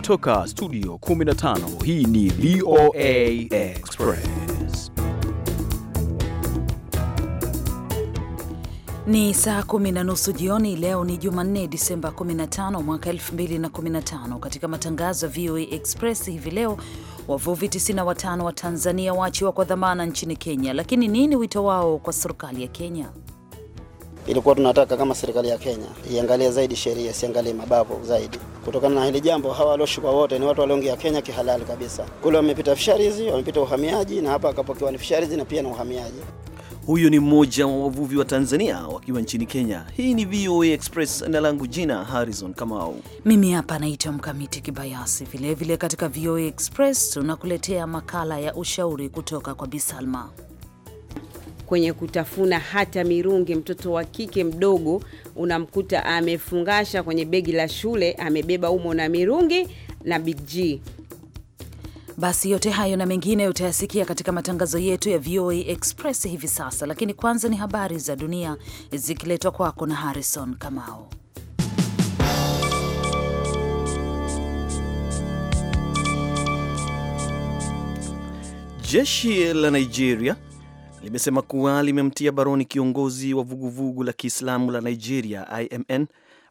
kutoka studio 15 hii ni VOA Express ni saa kumi na nusu jioni leo ni Jumanne Disemba 15 mwaka 2015 katika matangazo ya VOA Express hivi leo Wavuvi 95 wa Tanzania waachiwa kwa dhamana nchini Kenya lakini nini wito wao kwa serikali ya Kenya Ilikuwa tunataka kama serikali ya Kenya iangalie zaidi sheria, siangalie mabavu zaidi. Kutokana na hili jambo, hawa walioshikwa wote ni watu walioingia Kenya kihalali kabisa. Kule wamepita fisharizi, wamepita uhamiaji, na hapa akapokewa ni fisharizi na pia na uhamiaji. Huyu ni mmoja wa wavuvi wa Tanzania wakiwa nchini Kenya. Hii ni VOA Express na langu jina Harrison Kamau. Mimi hapa naitwa Mkamiti Kibayasi. Vilevile katika VOA Express tunakuletea makala ya ushauri kutoka kwa Bisalma kwenye kutafuna hata mirungi. Mtoto wa kike mdogo unamkuta amefungasha kwenye begi la shule, amebeba umo na mirungi na Big G. Basi yote hayo na mengine utayasikia katika matangazo yetu ya VOA Express hivi sasa, lakini kwanza ni habari za dunia zikiletwa kwako na Harrison Kamao. Jeshi la Nigeria limesema kuwa limemtia baroni kiongozi wa vuguvugu la Kiislamu la Nigeria IMN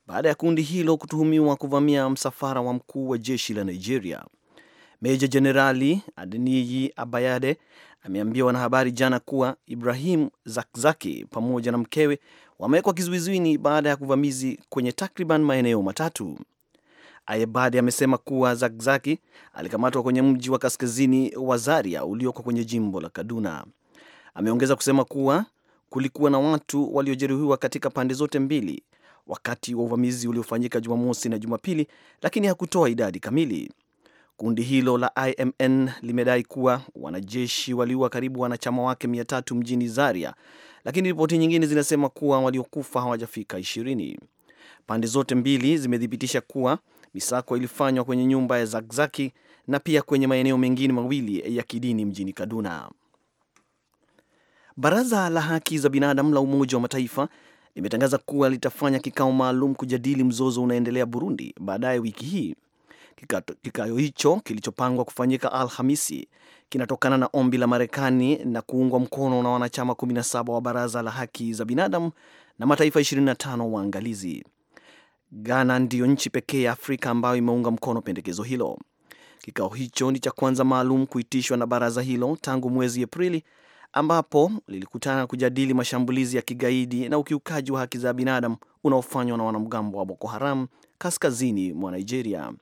baada ya kundi hilo kutuhumiwa kuvamia msafara wa mkuu wa jeshi la Nigeria. Meja Jenerali Adeniyi Abayade ameambia wanahabari jana kuwa Ibrahim Zakzaki pamoja na mkewe wamewekwa kizuizini baada ya kuvamizi kwenye takriban maeneo matatu. Ayebade amesema kuwa Zakzaki alikamatwa kwenye mji wa kaskazini wa Zaria ulioko kwenye jimbo la Kaduna. Ameongeza kusema kuwa kulikuwa na watu waliojeruhiwa katika pande zote mbili wakati wa uvamizi uliofanyika Jumamosi na Jumapili, lakini hakutoa idadi kamili. Kundi hilo la IMN limedai kuwa wanajeshi waliua karibu wanachama wake mia tatu mjini Zaria, lakini ripoti nyingine zinasema kuwa waliokufa hawajafika ishirini. Pande zote mbili zimethibitisha kuwa misako ilifanywa kwenye nyumba ya Zakzaki na pia kwenye maeneo mengine mawili ya kidini mjini Kaduna. Baraza la Haki za Binadamu la Umoja wa Mataifa limetangaza kuwa litafanya kikao maalum kujadili mzozo unaendelea Burundi baadaye wiki hii. Kikao hicho kilichopangwa kufanyika Alhamisi kinatokana na ombi la Marekani na kuungwa mkono na wanachama 17 wa Baraza la Haki za Binadamu na mataifa 25 waangalizi. Ghana ndiyo nchi pekee ya Afrika ambayo imeunga mkono pendekezo hilo. Kikao hicho ni cha kwanza maalum kuitishwa na baraza hilo tangu mwezi Aprili ambapo lilikutana kujadili mashambulizi ya kigaidi na ukiukaji wa haki za binadamu unaofanywa na wanamgambo wa Boko Haram kaskazini mwa Nigeria.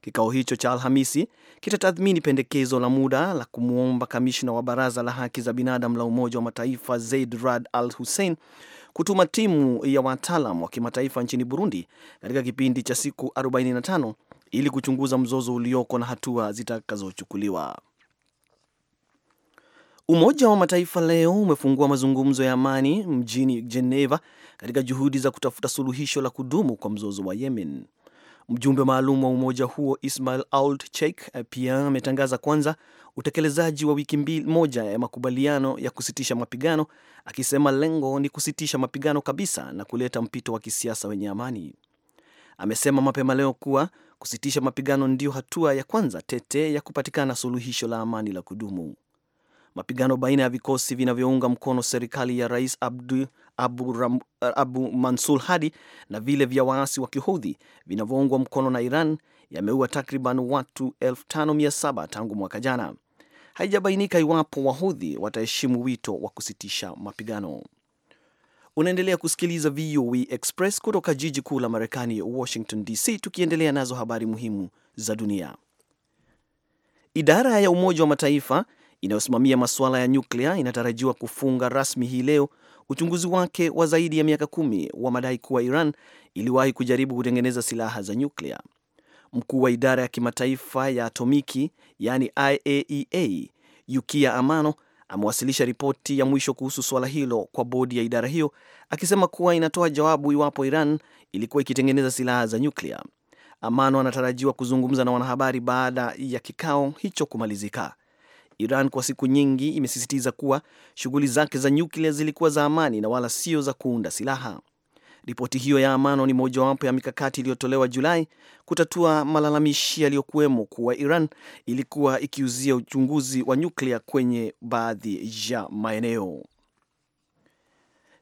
Kikao hicho cha Alhamisi kitatathmini pendekezo la muda la kumwomba kamishna wa baraza la haki za binadamu la Umoja wa Mataifa Zaid Rad Al Hussein kutuma timu ya wataalam wa kimataifa nchini Burundi katika kipindi cha siku 45 ili kuchunguza mzozo ulioko na hatua zitakazochukuliwa. Umoja wa Mataifa leo umefungua mazungumzo ya amani mjini Geneva katika juhudi za kutafuta suluhisho la kudumu kwa mzozo wa Yemen. Mjumbe maalum wa umoja huo Ismail Ould Cheikh pia ametangaza kwanza utekelezaji wa wiki mbili moja ya makubaliano ya kusitisha mapigano, akisema lengo ni kusitisha mapigano kabisa na kuleta mpito wa kisiasa wenye amani. Amesema mapema leo kuwa kusitisha mapigano ndiyo hatua ya kwanza tete ya kupatikana suluhisho la amani la kudumu. Mapigano baina ya vikosi vinavyounga mkono serikali ya Rais Abdu, Abu, Ram, Abu Mansur Hadi na vile vya waasi wa Kihudhi vinavyoungwa mkono na Iran yameua takriban watu 57 tangu mwaka jana. Haijabainika iwapo Wahudhi wataheshimu wito wa kusitisha mapigano. Unaendelea kusikiliza VOA e Express kutoka jiji kuu la Marekani, Washington DC, tukiendelea nazo habari muhimu za dunia. Idara ya Umoja wa Mataifa inayosimamia masuala ya nyuklia inatarajiwa kufunga rasmi hii leo uchunguzi wake wa zaidi ya miaka kumi wa madai kuwa Iran iliwahi kujaribu kutengeneza silaha za nyuklia. Mkuu wa idara ya kimataifa ya atomiki yaani IAEA Yukia Amano amewasilisha ripoti ya mwisho kuhusu suala hilo kwa bodi ya idara hiyo, akisema kuwa inatoa jawabu iwapo Iran ilikuwa ikitengeneza silaha za nyuklia. Amano anatarajiwa kuzungumza na wanahabari baada ya kikao hicho kumalizika. Iran kwa siku nyingi imesisitiza kuwa shughuli zake za nyuklia zilikuwa za amani na wala sio za kuunda silaha. Ripoti hiyo ya amano ni mojawapo ya mikakati iliyotolewa Julai kutatua malalamishi yaliyokuwemo kuwa Iran ilikuwa ikiuzia uchunguzi wa nyuklia kwenye baadhi ya maeneo.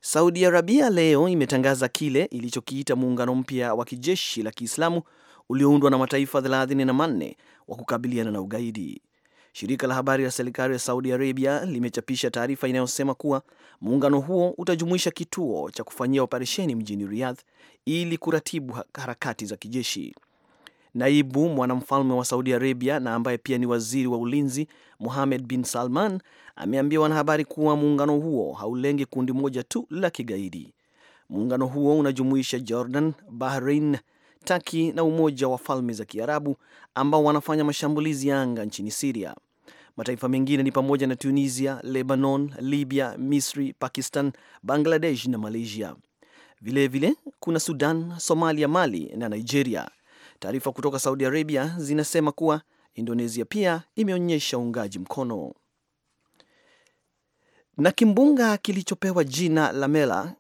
Saudi Arabia leo imetangaza kile ilichokiita muungano mpya wa kijeshi la Kiislamu ulioundwa na mataifa 34 wa kukabiliana na ugaidi. Shirika la habari la serikali ya Saudi Arabia limechapisha taarifa inayosema kuwa muungano huo utajumuisha kituo cha kufanyia operesheni mjini Riyadh ili kuratibu harakati za kijeshi. Naibu mwanamfalme wa Saudi Arabia na ambaye pia ni waziri wa ulinzi muhamed bin Salman ameambia wanahabari kuwa muungano huo haulengi kundi moja tu la kigaidi. Muungano huo unajumuisha Jordan, Bahrain, Taki na Umoja wa Falme za Kiarabu ambao wanafanya mashambulizi ya anga nchini Siria. Mataifa mengine ni pamoja na Tunisia, Lebanon, Libya, Misri, Pakistan, Bangladesh na Malaysia. Vilevile vile, kuna Sudan, Somalia, Mali na Nigeria. Taarifa kutoka Saudi Arabia zinasema kuwa Indonesia pia imeonyesha uungaji mkono. Na kimbunga kilichopewa jina la Mela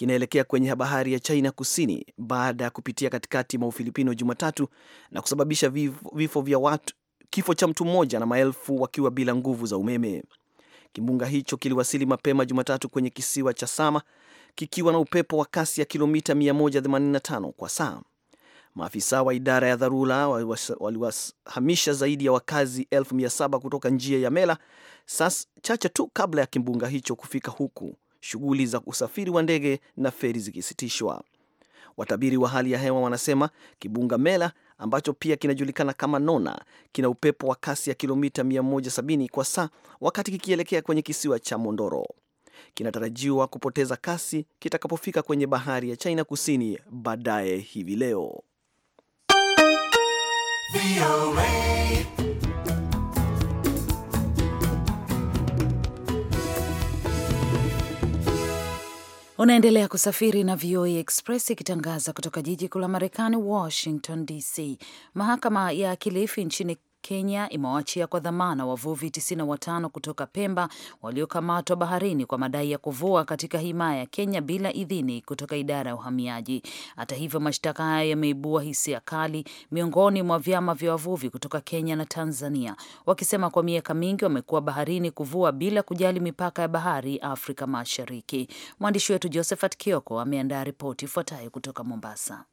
kinaelekea kwenye bahari ya China kusini baada ya kupitia katikati mwa Ufilipino Jumatatu na kusababisha vifo, vifo vya watu, kifo cha mtu mmoja na maelfu wakiwa bila nguvu za umeme. Kimbunga hicho kiliwasili mapema Jumatatu kwenye kisiwa cha Sama kikiwa na upepo wa kasi ya kilomita 185 kwa saa. Maafisa wa idara ya dharura waliwahamisha zaidi ya wakazi 7 kutoka njia ya Mela saa chache tu kabla ya kimbunga hicho kufika huku shughuli za usafiri wa ndege na feri zikisitishwa. Watabiri wa hali ya hewa wanasema kibunga Mela ambacho pia kinajulikana kama Nona kina upepo wa kasi ya kilomita 170 kwa saa wakati kikielekea kwenye kisiwa cha Mondoro. Kinatarajiwa kupoteza kasi kitakapofika kwenye bahari ya China kusini baadaye hivi leo. Unaendelea kusafiri na VOA Express ikitangaza kutoka jiji kuu la Marekani, Washington DC. Mahakama ya Kilifi nchini Kenya imewaachia kwa dhamana wavuvi 95 kutoka Pemba waliokamatwa baharini kwa madai ya kuvua katika himaya ya Kenya bila idhini kutoka idara ya uhamiaji. Hata hivyo, mashtaka hayo yameibua hisia kali miongoni mwa vyama vya wavuvi kutoka Kenya na Tanzania, wakisema kwa miaka mingi wamekuwa baharini kuvua bila kujali mipaka ya bahari Afrika Mashariki. Mwandishi wetu Josephat Kioko ameandaa ripoti ifuatayo kutoka Mombasa.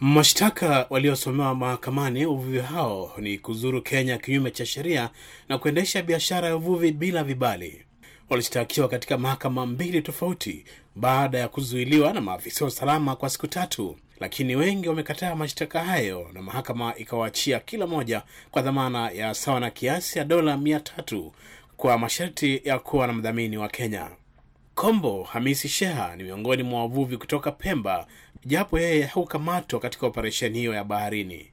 Mashtaka waliosomewa mahakamani uvuvi hao ni kuzuru Kenya kinyume cha sheria na kuendesha biashara ya uvuvi bila vibali. Walishtakiwa katika mahakama mbili tofauti baada ya kuzuiliwa na maafisa wa usalama kwa siku tatu, lakini wengi wamekataa mashtaka hayo na mahakama ikawaachia kila moja kwa dhamana ya sawa na kiasi ya dola mia tatu kwa masharti ya kuwa na mdhamini wa Kenya. Kombo Hamisi Sheha ni miongoni mwa wavuvi kutoka Pemba japo yeye hakukamatwa katika operesheni hiyo ya baharini.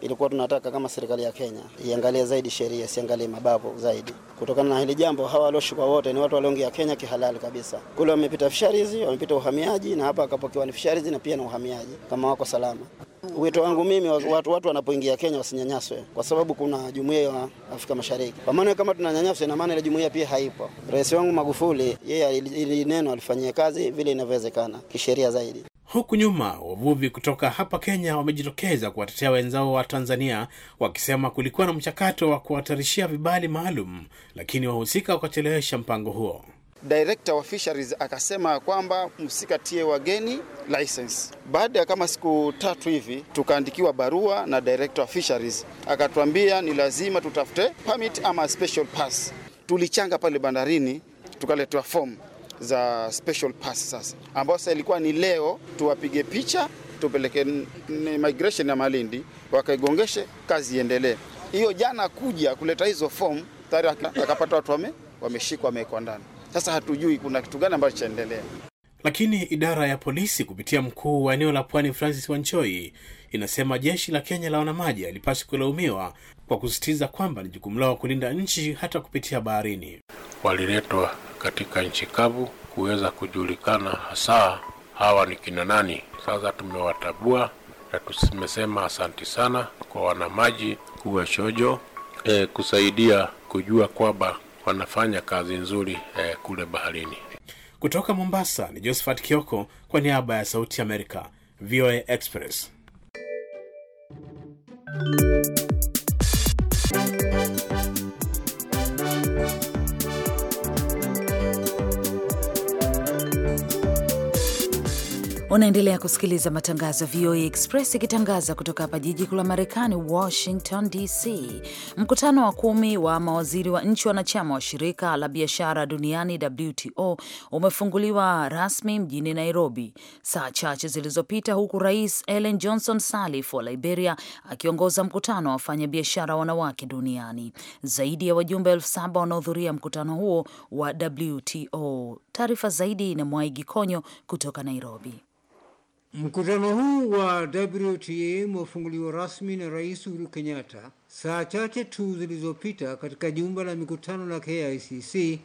Ilikuwa tunataka kama serikali ya Kenya iangalie zaidi sheria, siangalie mabavu zaidi. Kutokana na hili jambo, hawa walioshikwa wote ni watu walioingia Kenya kihalali kabisa. Kule wamepita fisharizi, wamepita uhamiaji, na hapa akapokewa ni fisharizi na pia na uhamiaji, kama wako salama. Wito wangu mimi, watu watu wanapoingia Kenya wasinyanyaswe, kwa sababu kuna jumuiya ya Afrika Mashariki. Kwa maana kama tunanyanyaswa, ina maana ile jumuiya pia haipo. Rais wangu Magufuli yeye ili neno alifanyia kazi vile inavyowezekana kisheria zaidi. Huku nyuma wavuvi kutoka hapa Kenya wamejitokeza kuwatetea wenzao wa Tanzania wakisema kulikuwa na mchakato wa kuhatarishia vibali maalum, lakini wahusika wakachelewesha mpango huo. Director wa fisheries akasema kwamba msikatie wageni license. Baada ya kama siku tatu hivi tukaandikiwa barua na director wa fisheries akatuambia ni lazima tutafute permit ama special pass. Tulichanga pale bandarini tukaletewa fomu za special pass sasa, ambayo sasa ilikuwa ni leo tuwapige picha tupeleke migration ya Malindi wakaigongeshe, kazi iendelee. Hiyo jana kuja kuleta hizo form tayari akapata watu wame, wameshikwa wamewekwa ndani. Sasa hatujui kuna kitu gani ambacho chaendelea. Lakini idara ya polisi kupitia mkuu wa eneo la pwani Francis Wanchoi inasema jeshi la Kenya la wanamaji alipaswa kulaumiwa kwa kusisitiza kwamba ni jukumu lao kulinda nchi hata kupitia baharini. Waliletwa katika nchi kavu kuweza kujulikana hasa hawa ni kina nani. Sasa tumewatabua na tumesema asanti sana kwa wanamaji kuwa shojo e, kusaidia kujua kwamba wanafanya kazi nzuri e, kule baharini. Kutoka Mombasa ni Josephat Kioko kwa niaba ya Sauti Amerika VOA Express. Unaendelea kusikiliza matangazo ya VOA Express ikitangaza kutoka hapa jiji kuu la Marekani, Washington DC. Mkutano wa kumi wa mawaziri wa nchi wanachama wa shirika la biashara duniani WTO umefunguliwa rasmi mjini Nairobi saa chache zilizopita, huku Rais Ellen Johnson Sirleaf wa Liberia akiongoza mkutano wa wafanyabiashara wanawake duniani. Zaidi ya wajumbe elfu saba wanaohudhuria mkutano huo wa WTO. Taarifa zaidi na Mwaigi Konyo kutoka Nairobi. Mkutano huu wa WTA umefunguliwa rasmi na Rais Uhuru Kenyatta saa chache tu zilizopita katika jumba la mikutano la KICC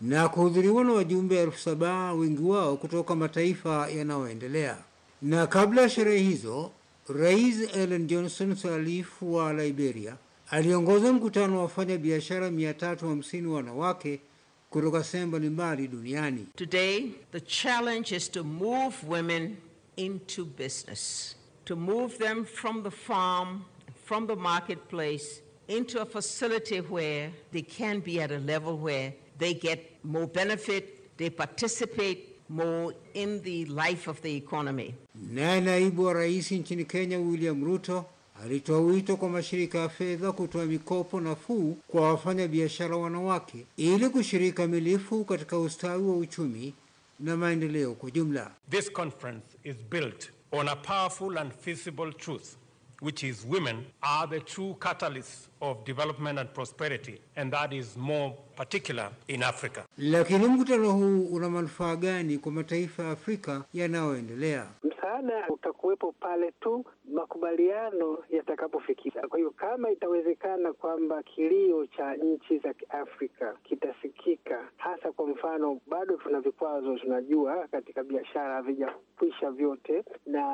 na kuhudhuriwa na wajumbe elfu saba wengi wao kutoka mataifa yanayoendelea. Na kabla ya sherehe hizo, Rais Ellen Johnson Sirleaf wa Liberia aliongoza mkutano wa wafanya biashara 350 wanawake kutoka sehemu mbalimbali duniani. Today the challenge is to move women into business, to move them from the farm, from the marketplace, into a facility where they can be at a level where they get more benefit, they participate more in the life of the economy. Naye naibu wa rais nchini Kenya William Ruto alitoa wito kwa mashirika ya fedha kutoa mikopo nafuu kwa wafanyabiashara wanawake ili kushiriki kamilifu katika ustawi wa uchumi na maendeleo kwa jumla. This conference is built on a powerful and feasible truth which is women are the true catalysts of development and prosperity and that is more particular in Africa. Lakini mkutano huu una manufaa gani kwa mataifa ya Afrika yanayoendelea? Msaada utakuwepo pale tu makubaliano yatakapofikia. Kwa hiyo kama itawezekana kwamba kilio cha nchi za Kiafrika kitasikika, hasa kwa mfano, bado tuna vikwazo, tunajua katika biashara havijakwisha vyote, na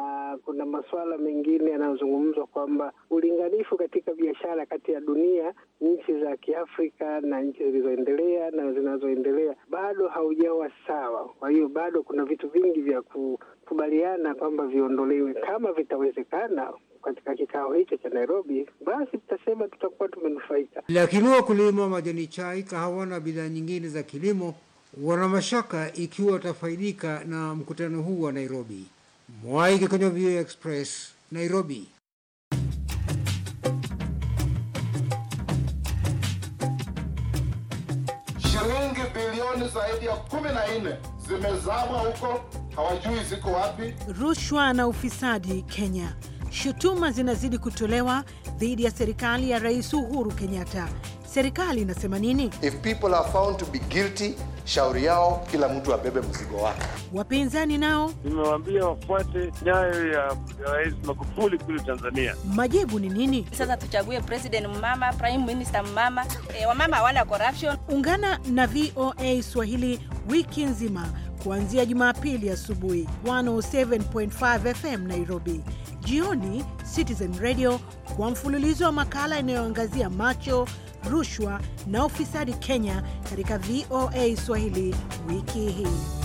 kuna masuala mengine yanayozungumzwa kwamba ulinganifu katika biashara kati ya ya dunia, nchi za Kiafrika na nchi zilizoendelea na zinazoendelea, bado haujawa sawa. Kwa hiyo bado kuna vitu vingi vya kukubaliana kwamba viondolewe, kama vitawezekana katika kikao hicho cha Nairobi, basi tutasema tutakuwa tumenufaika. Lakini wakulima majani chai, kahawa na bidhaa nyingine za kilimo wana mashaka ikiwa watafaidika na mkutano huu wa Nairobi. mwaike kwenye VOA Express, Nairobi. zaidi ya kumi na nne huko, hawajui ziko wapi. Rushwa na ufisadi Kenya. Shutuma zinazidi kutolewa dhidi ya serikali ya Rais Uhuru Kenyatta. Serikali inasema nini? If people are found to be guilty shauri yao, kila mtu abebe mzigo wake. Wapinzani nao nimewaambia wafuate nyayo ya Rais Magufuli kule Tanzania. Majibu ni nini? Sasa tuchague president mama, prime minister mama. E, eh, wamama hawana corruption. Ungana na VOA Swahili wiki nzima kuanzia Jumapili asubuhi 107.5 FM Nairobi, jioni Citizen Radio kwa mfululizo wa makala inayoangazia macho rushwa na ufisadi Kenya katika VOA Swahili wiki hii.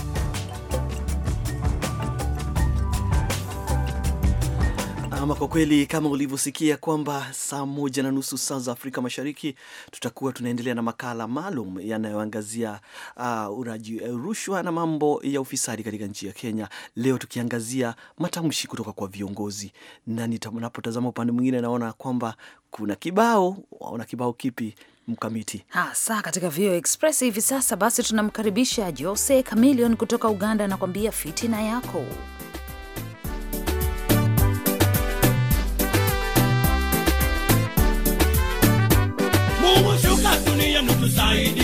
Ama kwa kweli kama ulivyosikia kwamba saa moja na nusu saa za Afrika Mashariki tutakuwa tunaendelea na makala maalum yanayoangazia uh, uraji eh, rushwa na mambo ya ufisadi katika nchi ya Kenya, leo tukiangazia matamshi kutoka kwa viongozi, na ninapotazama upande mwingine naona kwamba kuna kibao. Waona kibao kipi? Mkamiti hasa katika VOA Express hivi sasa. Basi tunamkaribisha Jose Camilion kutoka Uganda, anakuambia fitina yako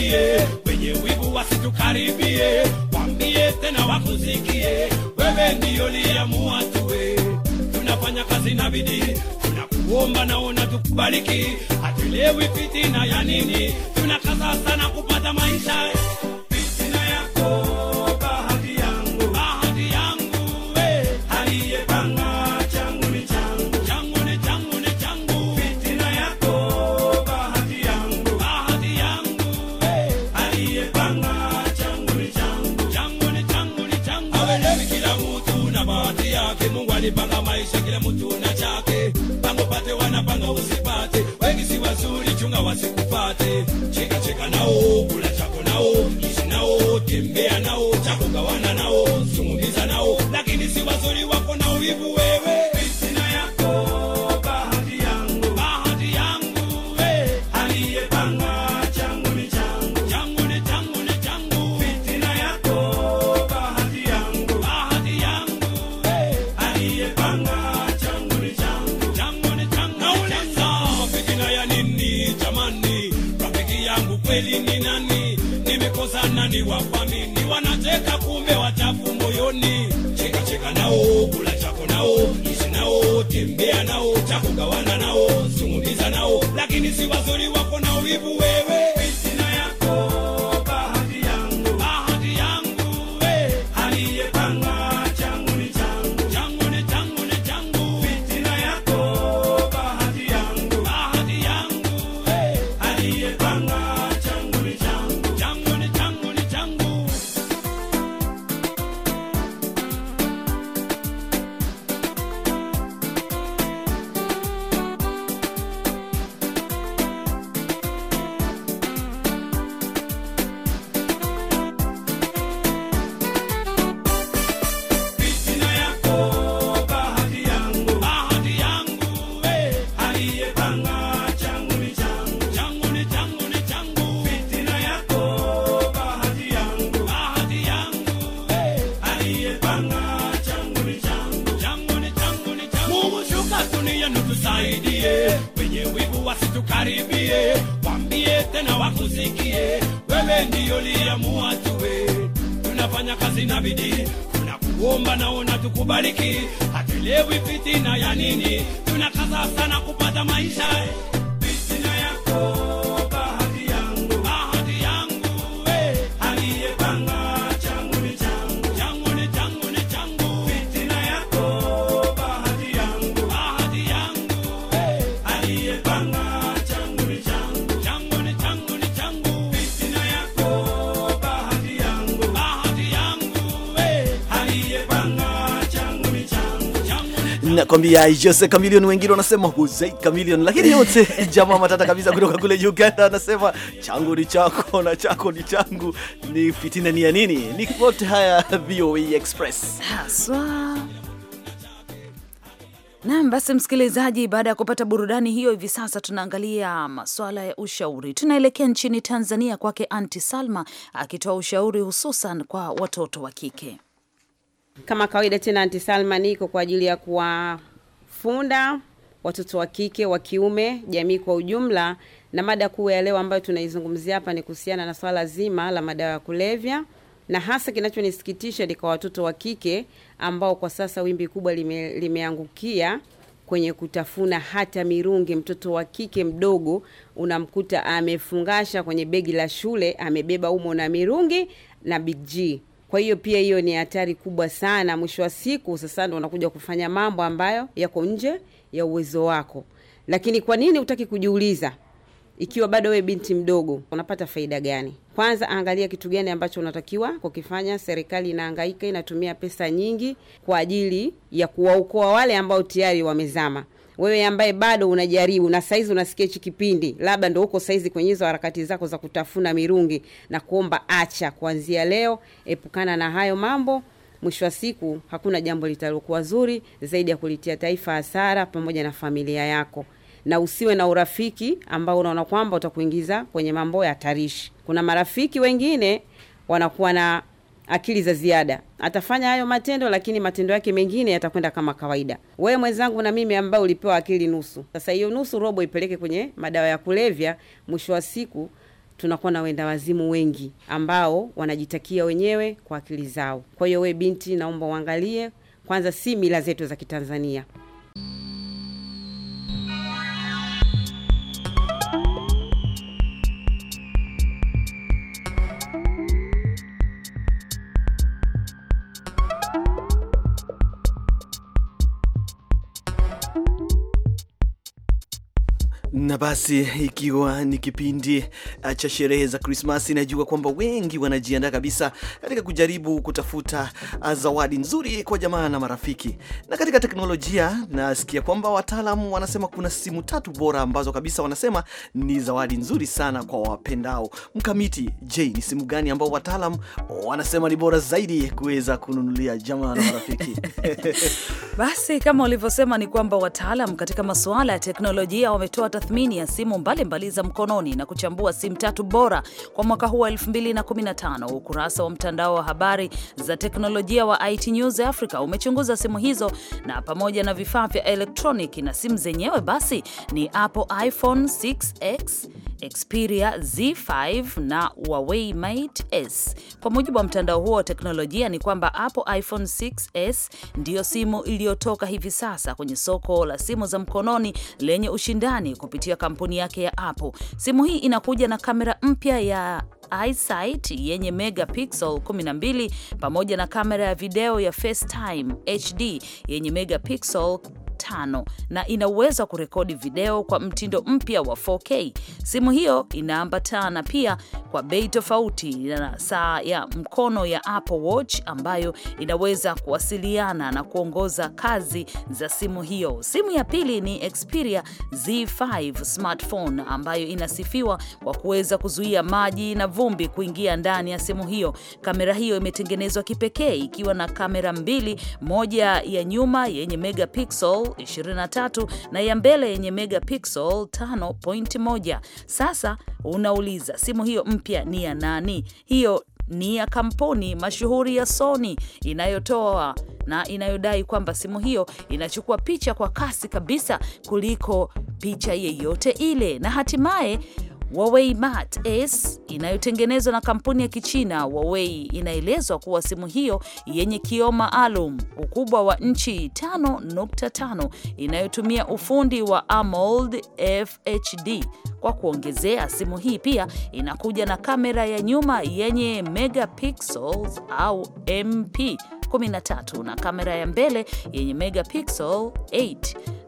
wakusikie, wenye wivu wasitukaribie, wambie tena wakuzikie wewe ndiyo liamua tunafanya kazi na bidii kuomba naona tukubariki, hatulewi fitina ya nini, tunakaza sana kupata maisha vaishakira mutuna chake pangopate wana panga usipate vaivisiwa zuri chunga wasikupate cheka cheka nawo kula chako nawo ishi nawo tembeya nawo chakugawana nawo sungumbisa nawo lakini siwazuri wako na uvivu wewe kuamini wanacheka wewe ndiyo liamua tuwe tunafanya kazi na bidii tunakuomba naona tukubariki hatuelewi fitina ya nini tunakaza sana kupata maisha fitina yako nakwambia Jose Chameleone, wengine wanasema Jose Chameleone, lakini yote jamaa matata kabisa kutoka kule Uganda anasema changu ni chako na chako ni changu, ni fitina ni ya nini? Ni kote haya VOA e Express haswa. Naam, basi msikilizaji, baada ya kupata burudani hiyo, hivi sasa tunaangalia masuala ya ushauri. Tunaelekea nchini Tanzania kwake Anti Salma akitoa ushauri hususan kwa watoto wa kike. Kama kawaida tena, Anti Salma niko kwa ajili ya kuwafunda watoto wa kike wa kiume, jamii kwa ujumla, na mada kuu ya leo ambayo tunaizungumzia hapa ni kuhusiana na swala zima la madawa ya kulevya, na hasa kinachonisikitisha ni kwa watoto wa kike ambao kwa sasa wimbi kubwa lime, limeangukia kwenye kutafuna hata mirungi. Mtoto wa kike mdogo unamkuta amefungasha kwenye begi la shule, amebeba umo na mirungi na big G kwa hiyo pia hiyo ni hatari kubwa sana. Mwisho wa siku, sasa ndo unakuja kufanya mambo ambayo yako nje ya uwezo wako. Lakini kwa nini utaki kujiuliza ikiwa bado we binti mdogo unapata faida gani? Kwanza angalia kitu gani ambacho unatakiwa kukifanya. Serikali inahangaika, inatumia pesa nyingi kwa ajili ya kuwaokoa wale ambao tayari wamezama wewe ambaye bado unajaribu na saizi unasikia hichi kipindi, labda ndo uko saizi kwenye hizo harakati zako za kutafuna mirungi, na kuomba acha, kuanzia leo epukana na hayo mambo. Mwisho wa siku hakuna jambo litalokuwa zuri zaidi ya kulitia taifa hasara pamoja na familia yako, na usiwe na urafiki ambao unaona kwamba utakuingiza kwenye mambo ya tarishi Kuna marafiki wengine wanakuwa na akili za ziada. Atafanya hayo matendo, lakini matendo yake mengine yatakwenda kama kawaida. Wewe mwenzangu na mimi ambao ulipewa akili nusu, sasa hiyo nusu robo ipeleke kwenye madawa ya kulevya, mwisho wa siku tunakuwa na wenda wazimu wengi ambao wanajitakia wenyewe kwa akili zao. Kwa hiyo we binti, naomba uangalie kwanza si mila zetu za Kitanzania. na basi ikiwa ni kipindi eh, cha sherehe za Krismasi, najua kwamba wengi wanajiandaa kabisa katika kujaribu kutafuta eh, zawadi nzuri kwa jamaa na marafiki. Na katika teknolojia, nasikia kwamba wataalamu wanasema kuna simu tatu bora ambazo kabisa wanasema ni zawadi nzuri sana kwa wapendao. Mkamiti, je, ni simu gani ambao wataalamu wanasema ni bora zaidi kuweza kununulia jamaa na marafiki? Basi kama ulivyosema ni kwamba wataalam katika masuala ya teknolojia wametoa tathmini ya simu mbalimbali za mkononi na kuchambua simu tatu bora kwa mwaka huu wa 2015. Ukurasa wa mtandao wa habari za teknolojia wa IT News Africa umechunguza simu hizo na pamoja na vifaa vya elektroniki na simu zenyewe, basi ni Apple iPhone 6 x Xperia Z5 na Huawei Mate S. Kwa mujibu wa mtandao huo wa teknolojia ni kwamba Apple iPhone 6s ndiyo simu iliyotoka hivi sasa kwenye soko la simu za mkononi lenye ushindani kupitia kampuni yake ya Apple. Simu hii inakuja na kamera mpya ya iSight yenye megapixel 12 pamoja na kamera ya video ya FaceTime HD yenye megapixel tano na ina uwezo wa kurekodi video kwa mtindo mpya wa 4K. Simu hiyo inaambatana pia kwa bei tofauti na saa ya mkono ya Apple Watch ambayo inaweza kuwasiliana na kuongoza kazi za simu hiyo. Simu ya pili ni Xperia Z5 smartphone ambayo inasifiwa kwa kuweza kuzuia maji na vumbi kuingia ndani ya simu hiyo. Kamera hiyo imetengenezwa kipekee ikiwa na kamera mbili, moja ya nyuma yenye megapixel 23 na ya mbele yenye megapixel 5.1. Sasa unauliza simu hiyo mpya ni ya nani? Hiyo ni ya kampuni mashuhuri ya Sony inayotoa na inayodai kwamba simu hiyo inachukua picha kwa kasi kabisa kuliko picha yeyote ile, na hatimaye Huawei Mate s inayotengenezwa na kampuni ya Kichina Huawei inaelezwa kuwa simu hiyo yenye kioo maalum ukubwa wa nchi 5.5 inayotumia ufundi wa AMOLED FHD. Kwa kuongezea, simu hii pia inakuja na kamera ya nyuma yenye megapixels au MP 13 na kamera ya mbele yenye megapixel 8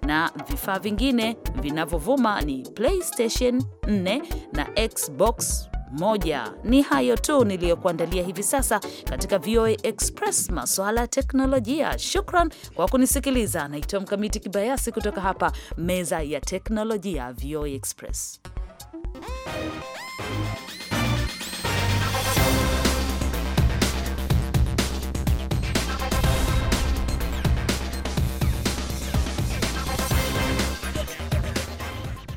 na vifaa vingine vinavyovuma ni PlayStation 4 na Xbox moja. Ni hayo tu niliyokuandalia hivi sasa katika VOA Express, masuala ya teknolojia. Shukran kwa kunisikiliza. Naitwa Mkamiti Kibayasi kutoka hapa meza ya teknolojia VOA Express.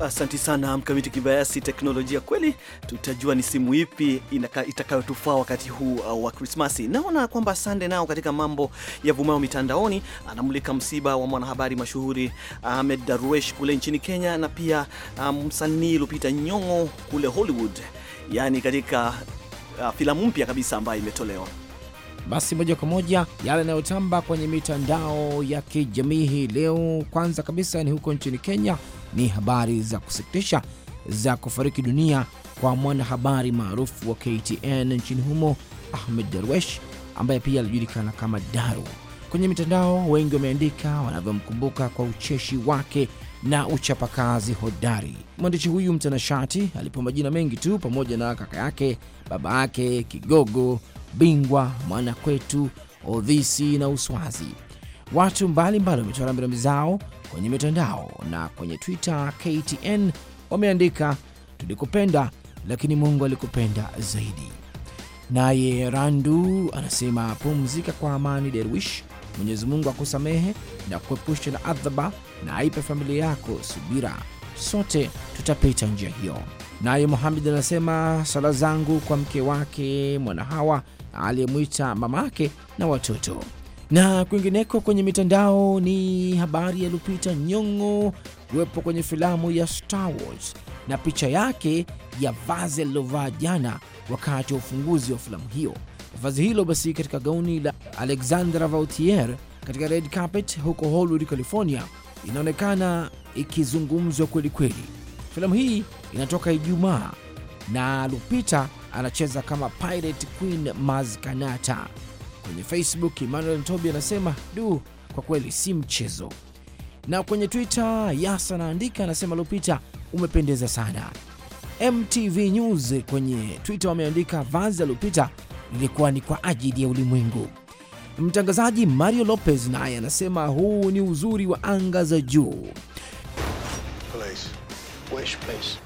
Asanti sana Mkamiti Kibayasi. Teknolojia kweli, tutajua ni simu ipi itakayotufaa wakati huu uh, wa Krismasi. Naona kwamba Sande nao katika mambo ya vumao mitandaoni anamulika msiba wa mwanahabari mashuhuri Ahmed Darwesh kule nchini Kenya, na pia um, msanii um, Lupita Nyong'o kule Hollywood, yaani katika uh, filamu mpya kabisa ambayo imetolewa basi moja kwa moja yale yanayotamba kwenye mitandao ya kijamii hii leo, kwanza kabisa ni huko nchini Kenya. Ni habari za kusikitisha za kufariki dunia kwa mwanahabari maarufu wa KTN nchini humo Ahmed Darwesh, ambaye pia alijulikana kama Daru. Kwenye mitandao wengi wameandika wanavyomkumbuka kwa ucheshi wake na uchapakazi hodari. Mwandishi huyu mtanashati alipewa majina mengi tu, pamoja na kaka yake, baba yake, kigogo, Bingwa, Mwanakwetu, Odhisi na Uswazi. Watu mbalimbali wametoa rambirambi zao kwenye mitandao na kwenye Twitter. KTN wameandika tulikupenda, lakini Mungu alikupenda zaidi. Naye Randu anasema pumzika kwa amani Derwish, Mwenyezi Mungu akusamehe na kuepusha na adhaba na aipe familia yako subira, sote tutapita njia hiyo. Naye Muhamed anasema sala zangu kwa mke wake Mwanahawa aliyemwita mamake na watoto. Na kwingineko kwenye mitandao ni habari ya Lupita Nyong'o kuwepo kwenye filamu ya Star Wars na picha yake ya vazi alilovaa jana wakati wa ufunguzi wa filamu hiyo. Vazi hilo basi katika gauni la Alexandra Vautier katika red carpet huko Hollywood, California, inaonekana ikizungumzwa kweli kweli. Filamu hii inatoka Ijumaa na Lupita anacheza kama Pirate Queen Maz Kanata. Kwenye Facebook, Emmanuel Ntobi anasema du, kwa kweli si mchezo. Na kwenye Twitter, Yasa anaandika anasema, Lupita umependeza sana. MTV News kwenye Twitter wameandika vazi la Lupita lilikuwa ni kwa ajili ya ulimwengu. Mtangazaji Mario Lopez naye anasema huu ni uzuri wa anga za juu. Place. Wish, place.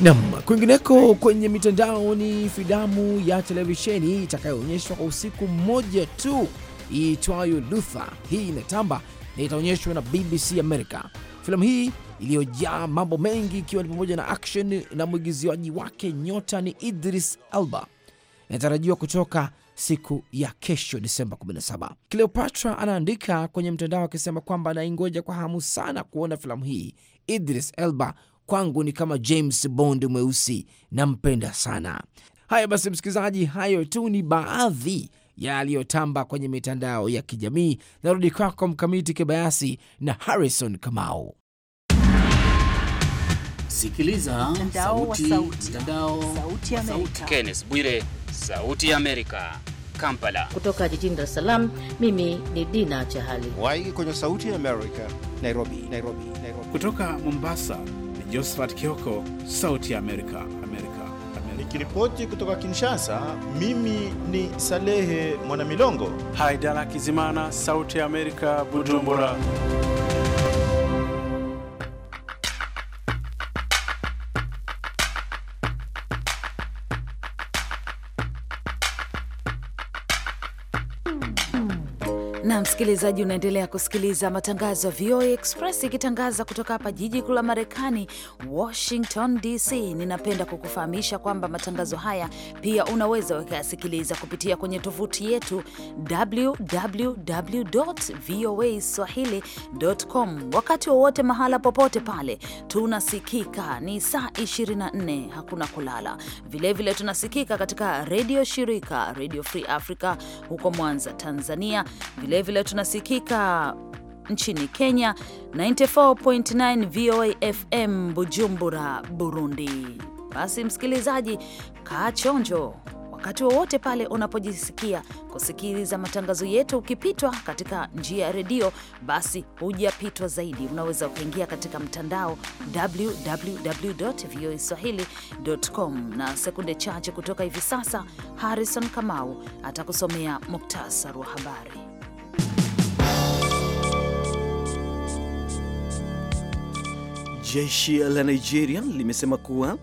Nam, kwingineko kwenye mitandao ni filamu ya televisheni itakayoonyeshwa kwa usiku mmoja tu iitwayo Luther. Hii inatamba na itaonyeshwa na BBC America. Filamu hii iliyojaa mambo mengi ikiwa ni pamoja na action na mwigizaji wake nyota ni Idris Elba inatarajiwa kutoka siku ya kesho disemba 17. Cleopatra anaandika kwenye mtandao akisema kwamba anaingoja kwa hamu sana kuona filamu hii. Idris Elba kwangu ni kama James Bond mweusi, nampenda sana. Haya basi, msikilizaji, hayo tu ni baadhi yaliyotamba kwenye mitandao ya kijamii. Narudi kwako Mkamiti Kibayasi na Harrison Kamau. Sikiliza sauti, sauti, sauti Kenneth Bwire, sauti ya Amerika, Kampala. Kutoka jijini Dar es Salaam, mimi ni Dina Chahali Waigi kwenye sauti ya Amerika, Nairobi, Nairobi, Nairobi. Kutoka Mombasa Josephat Kioko, Sauti ya Amerika, Amerika. Nikiripoti kutoka Kinshasa, mimi ni Salehe Mwanamilongo. haidala Kizimana, Sauti ya Amerika, Bujumbura. msikilizaji, unaendelea kusikiliza matangazo ya VOA Express ikitangaza kutoka hapa jiji kuu la Marekani, Washington DC. Ninapenda kukufahamisha kwamba matangazo haya pia unaweza ukayasikiliza kupitia kwenye tovuti yetu www voa swahili.com. Wakati wowote, mahala popote pale tunasikika, ni saa 24, hakuna kulala. Vilevile vile tunasikika katika redio shirika, Redio Free Africa huko Mwanza, Tanzania. Vilevile vile tunasikika nchini Kenya 94.9 VOA FM Bujumbura, Burundi. Basi msikilizaji, kaa chonjo wakati wowote pale unapojisikia kusikiliza matangazo yetu. Ukipitwa katika njia ya redio, basi hujapitwa zaidi. Unaweza ukaingia katika mtandao www voa swahili.com, na sekunde chache kutoka hivi sasa, Harrison Kamau atakusomea muktasari wa habari. Jeshi la Nigeria limesema kuwa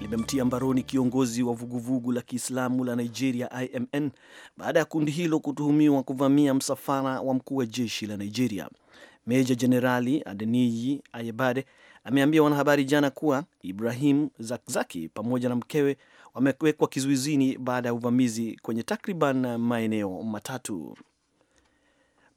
limemtia mbaroni kiongozi wa vuguvugu la Kiislamu la Nigeria IMN baada ya kundi hilo kutuhumiwa kuvamia msafara wa mkuu wa jeshi la Nigeria. Meja Jenerali Adeniyi Ayebade ameambia wanahabari jana kuwa Ibrahim Zakzaki pamoja na mkewe wamewekwa kizuizini baada ya uvamizi kwenye takriban maeneo matatu.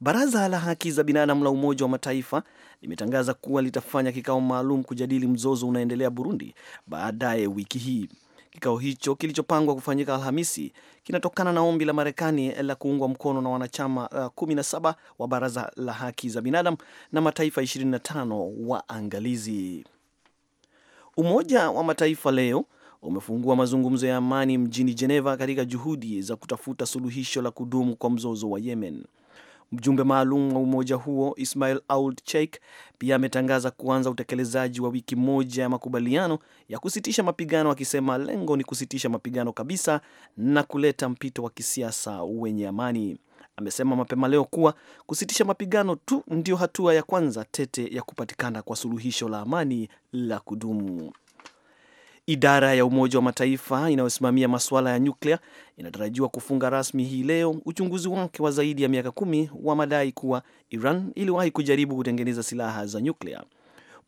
Baraza la Haki za Binadamu la Umoja wa Mataifa limetangaza kuwa litafanya kikao maalum kujadili mzozo unaendelea Burundi baadaye wiki hii. Kikao hicho kilichopangwa kufanyika Alhamisi kinatokana na ombi la Marekani la kuungwa mkono na wanachama 17 uh, wa Baraza la Haki za Binadamu na mataifa 25 waangalizi. Umoja wa Mataifa leo umefungua mazungumzo ya amani mjini Geneva katika juhudi za kutafuta suluhisho la kudumu kwa mzozo wa Yemen. Mjumbe maalum wa umoja huo Ismail Auld Cheikh pia ametangaza kuanza utekelezaji wa wiki moja ya makubaliano ya kusitisha mapigano, akisema lengo ni kusitisha mapigano kabisa na kuleta mpito wa kisiasa wenye amani. Amesema mapema leo kuwa kusitisha mapigano tu ndio hatua ya kwanza tete ya kupatikana kwa suluhisho la amani la kudumu. Idara ya Umoja wa Mataifa inayosimamia masuala ya nyuklia inatarajiwa kufunga rasmi hii leo uchunguzi wake wa zaidi ya miaka kumi wa madai kuwa Iran iliwahi kujaribu kutengeneza silaha za nyuklia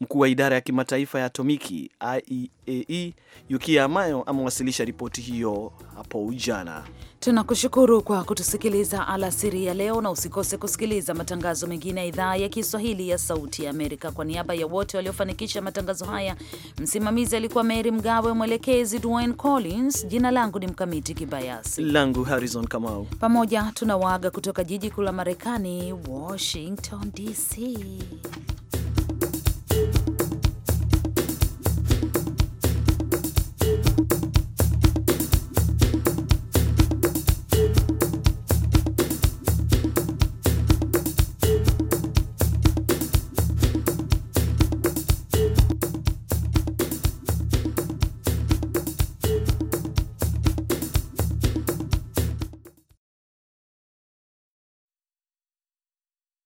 Mkuu wa idara ya kimataifa ya atomiki IAEA e, Yukia Amayo amewasilisha ripoti hiyo hapo jana. Tunakushukuru kwa kutusikiliza alasiri ya leo, na usikose kusikiliza matangazo mengine ya idhaa ya Kiswahili ya Sauti ya Amerika. Kwa niaba ya wote waliofanikisha matangazo haya, msimamizi alikuwa Mary Mgawe, mwelekezi Dwayne Collins. Jina langu ni Mkamiti Kibayasi, langu Harrison Kamau. Pamoja tunawaaga kutoka jiji kuu la Marekani, Washington DC.